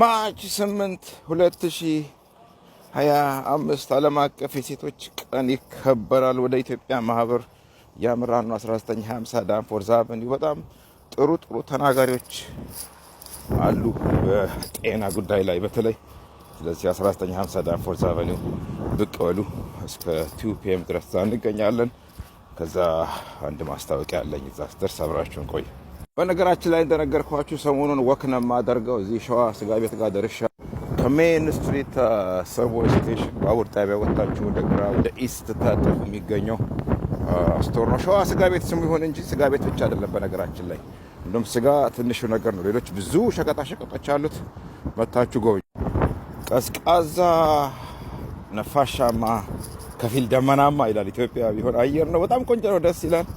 ማርች 8 2025 ዓለም አቀፍ የሴቶች ቀን ይከበራል። ወደ ኢትዮጵያ ማህበር ያምራኑ 1950 ዳንፎር ዛብን በጣም ጥሩ ጥሩ ተናጋሪዎች አሉ በጤና ጉዳይ ላይ በተለይ ስለዚህ 1950 ዳንፎር ዛብን ብቅ በሉ። እስከ ቲዩ ፒኤም ድረስ እንገኛለን። ከዛ አንድ ማስታወቂያ አለኝ። እዛ ስደርስ አብራችሁን ቆይ በነገራችን ላይ እንደነገርኳችሁ ሰሞኑን ወክነ ማደርገው እዚህ ሸዋ ስጋ ቤት ጋር ደርሻ ከሜን ስትሪት ሰብዌይ ስቴሽን ባቡር ጣቢያ ወጣችሁ ወደ ግራ ወደ ኢስት ታጠፉ የሚገኘው ስቶር ነው። ሸዋ ስጋ ቤት ስሙ ይሆን እንጂ ስጋ ቤት ብቻ አይደለም። በነገራችን ላይ እንደውም ስጋ ትንሹ ነገር ነው። ሌሎች ብዙ ሸቀጣ ሸቀጦች አሉት። መታችሁ ጎብኙ። ቀዝቃዛ ነፋሻማ፣ ከፊል ደመናማ ይላል ኢትዮጵያ ቢሆን አየር ነው። በጣም ቆንጆ ነው። ደስ ይላል።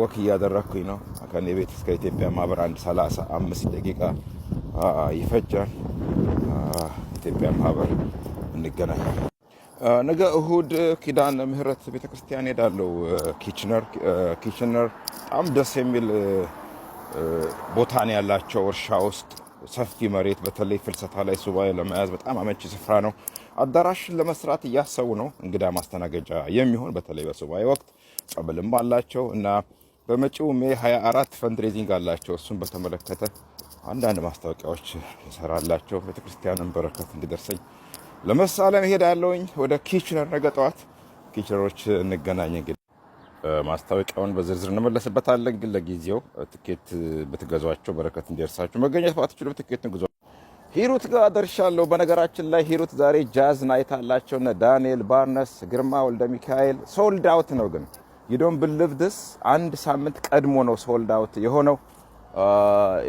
ወክ እያደረግኩኝ ነው። ከኔ ቤት እስከ ኢትዮጵያ ማህበር አንድ ሰላሳ አምስት ደቂቃ ይፈጃል። ኢትዮጵያ ማህበር እንገናኛለን። ነገ እሁድ ኪዳነ ምህረት ቤተክርስቲያን ሄዳለው። ኪችነር ኪችነር በጣም ደስ የሚል ቦታ ነው ያላቸው እርሻ ውስጥ ሰፊ መሬት በተለይ ፍልሰታ ላይ ሱባኤ ለመያዝ በጣም አመቺ ስፍራ ነው። አዳራሽን ለመስራት እያሰቡ ነው። እንግዳ ማስተናገጃ የሚሆን በተለይ በሱባኤ ወቅት ጸበልም አላቸው እና በመጪው ሜ 24 ፈንድሬዚንግ አላቸው። እሱም በተመለከተ አንዳንድ ማስታወቂያዎች ይሰራላቸው። ቤተክርስቲያንን በረከት እንዲደርሰኝ ለመሳለም እሄዳለሁኝ ወደ ኪችነር ነገ ጠዋት ኪችነሮች እንገናኝ እንግዲህ ማስታወቂያውን በዝርዝር እንመለስበታለን። ግን ለጊዜው ትኬት ብትገዟቸው በረከት እንዲደርሳችሁ፣ መገኘት ባትችሉም ትኬት እንግዟ። ሂሩት ጋር ደርሻለሁ። በነገራችን ላይ ሂሩት ዛሬ ጃዝ ናይት አላቸው። እነ ዳንኤል ባርነስ፣ ግርማ ወልደ ሚካኤል ሶልድ አውት ነው። ግን ይዶን ብልቭ ድስ አንድ ሳምንት ቀድሞ ነው ሶልድ አውት የሆነው።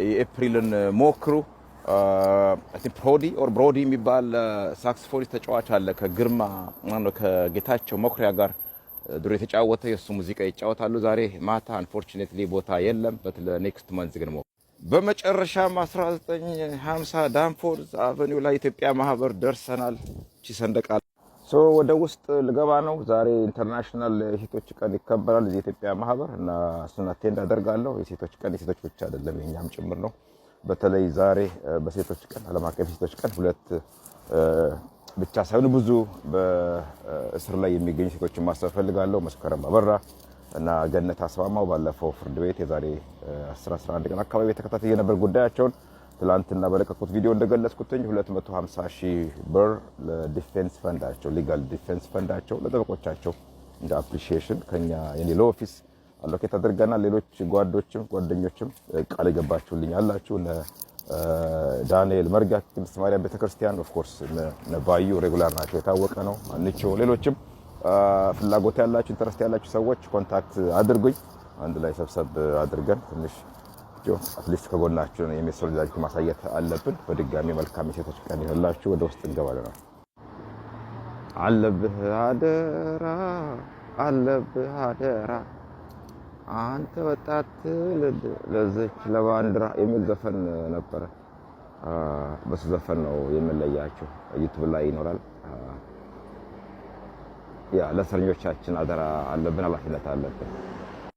የኤፕሪልን ሞክሩ። ፕሮዲ ኦር ብሮዲ የሚባል ሳክስፎኒስ ተጫዋች አለ ከግርማ ከጌታቸው መኩሪያ ጋር ድሮ የተጫወተ የእሱ ሙዚቃ ይጫወታሉ። ዛሬ ማታ አንፎርቹኔትሊ ቦታ የለም። በት ለኔክስት መንዝ ግን በመጨረሻም 1950 ዳንፎርዝ አቨኒው ላይ ኢትዮጵያ ማህበር ደርሰናል። ሰንደቃል ወደ ውስጥ ልገባ ነው። ዛሬ ኢንተርናሽናል የሴቶች ቀን ይከበራል እዚህ ኢትዮጵያ ማህበር እና እሱን አቴንድ አደርጋለሁ። የሴቶች ቀን የሴቶች ብቻ አይደለም የኛም ጭምር ነው። በተለይ ዛሬ በሴቶች ቀን ዓለም አቀፍ የሴቶች ቀን ሁለት ብቻ ሳይሆን ብዙ በእስር ላይ የሚገኙ ሴቶችን ማሰብ ፈልጋለሁ። መስከረም አበራ እና ገነት አስማማው ባለፈው ፍርድ ቤት የዛሬ 11 ቀን አካባቢ የተከታተየ ነበር ጉዳያቸውን። ትላንትና በለቀቁት ቪዲዮ እንደገለጽኩትኝ 250 ሺህ ብር ለዲፌንስ ፈንዳቸው ሊጋል ዲፌንስ ፈንዳቸው ለጠበቆቻቸው እንደ አፕሪሺዬሽን ከኛ የኔ ኦፊስ አሎኬት አድርገናል። ሌሎች ጓዶችም ጓደኞችም ቃል የገባችሁልኝ አላችሁ ዳንኤል መርጋ ቅድስት ማርያም ቤተክርስቲያን ኦፍኮርስ ነባዩ ሬጉላር ናቸው፣ የታወቀ ነው። አንቾ ሌሎችም ፍላጎት ያላችሁ ኢንተረስት ያላችሁ ሰዎች ኮንታክት አድርጉኝ። አንድ ላይ ሰብሰብ አድርገን ትንሽ ጆ አትሊስት ከጎናችሁ የሚል ሶሊዳሪቲ ማሳየት አለብን። በድጋሚ መልካም የሴቶች ቀን ይሁንላችሁ። ወደ ውስጥ እንገባለን። አለብህ አደራ አለብህ አደራ አንተ ወጣት ለዘች ለባንዲራ የሚዘፈን ነበረ። በሱ ዘፈን ነው የምንለያቸው። ዩቱብ ላይ ይኖራል። ያ ለእስረኞቻችን አደራ አለብን፣ ኃላፊነት አለብን።